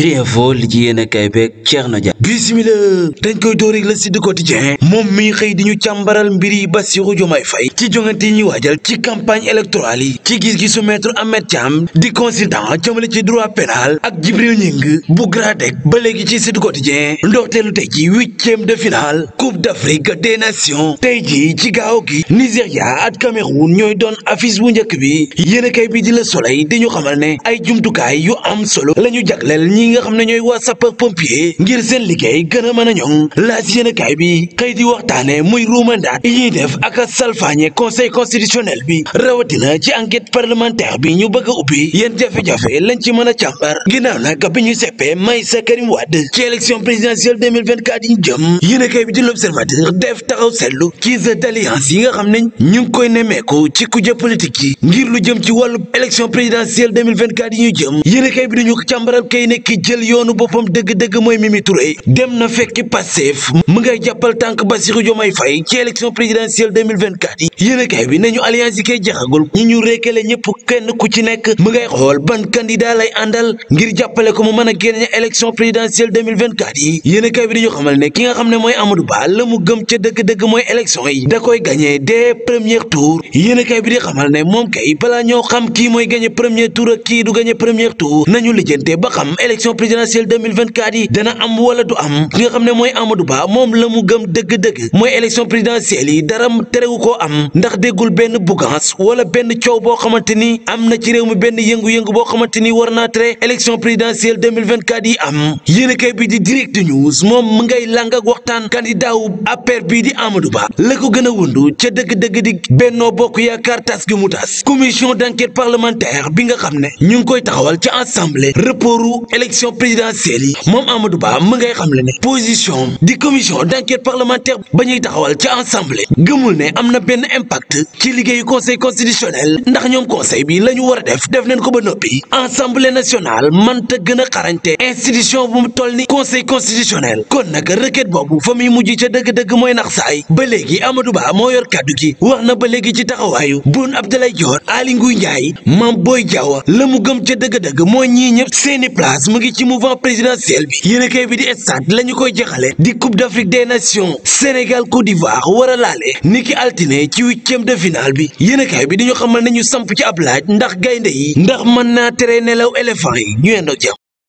Trievo li ci yéene kay beeg Thierno Dia bisimila dañ koy door rek la si du quotidien moom mi xëy di ñu càmbaral mbir yi Bassirou Diomaye Faye ci jongante yi ñuy waajal ci campagne électorale yi ci gis-gisu maître Ahmed Thiam di consultant jëmale ci droit pénal ak Djibril Gning bu GRADEC ba léegi ci Sud Quotidien ndoorteelu tey ji huitième de finale Coupe d'Afrique des Nations tey ji ci gaaw gi Nigéria ak Cameroun ñooy doon affiche bu njëkk bi yéene bi di ñi nga xam ne ñooy waa sapeur pompier ngir seen liggéey gën a mën a ñoŋ laas bi xëy di waxtaane muy ruumandaat yi ñuy def ak salfaañe conseil constitutionnel bi rawatina ci enquête parlementaire bi ñu bëgg a ubbi yéen jafe-jafe lañ ci mën a càmbar ginnaaw nag bi ñu seppee may sa Karim Wade ci élection présidentielle 2024 yi ñu jëm yéene kaay bi di l'observateur def taxaw seetlu ci des alliances yi nga xam ne ñu ngi koy nemmeeku ci kujje politique yi ngir lu jëm ci wàllu élection présidentielle 2024 yi ñu jël yoonu boppam dëgg-dëgg mooy Mimi Touré dem na fekki Pastef mu ngay jàppal tànk Bassirou Diomaye Faye ci élection présidentielle 2024 a kay bi nañu alliance yi koy jaxagul ñi ñu rékkale ñëpp kenn ku ci nekk mu ngay xool ban candidat lay àndal ngir jàppale ko mu mën a génne élection présidentielle 2024 yi yéen a kay bi dañu xamal ne ki nga xam ne mooy Amadou Ba la mu gëm ca dëgg-dëgg mooy élection yi da koy gagné dès premier tour yéen a kay bi di xamal ne moom élection présidentielle 2024 yi dana am wala du am ki nga xam ne mooy Amadou Ba moom la mu gëm dëgg-dëgg mooy élection présidentielle yi dara terewu ko am ndax déggul benn bugance wala benn coow boo xamante ni am na ci réew mi benn yëngu-yëngu boo xamante ni war naa tere élection présidentielle 2024 yi am yéen kay bi di direct news moom mu ngay làng ak waxtaan candidat wu APR bii di Amadou Ba la ko gën a wundu ca dëgg-dëgg di Benno Bokk Yaakaar tas gi mu tas commission d'enquête parlementaire bi nga xam ne ñu ngi koy taxawal ca assemblée reportu élection présidentielle yi moom Amadou Ba mu ngay xam le ne position di commission d'enquête parlementaire ba ñuy taxawal ci assemblée gëmul ne am na benn impact ci liggéeyu conseil constitutionnel ndax ñoom conseil bi la ñu war a def def nañ ko ba noppi assemblée nationale mënta gën a xarañte institution bu mu toll ni conseil constitutionnel kon nag requête boobu fa muy mujj ca dëgg-dëgg mooy nax saay ba léegi Amadou Ba moo yor kàddu gi wax na ba léegi ci taxawaayu Boun Abdallah Dior Aly Ngouille Ndiaye Mame Boye Diao la mu gëm ca dëgg-dëgg mooy ñii ñëpp ngi ci mouvement présidentiel bi yéen a kay bi di stade la ñu koy jaxale di coupe d'Afrique des nations Sénégal Côte d'Ivoire war a laale ki altine ci huitième de finale bi yéen bi dañu xam nañu samp ci ab laaj ndax gaynde yi ndax mën naa tere nelaw éléphant yi ñu yendoo jàmm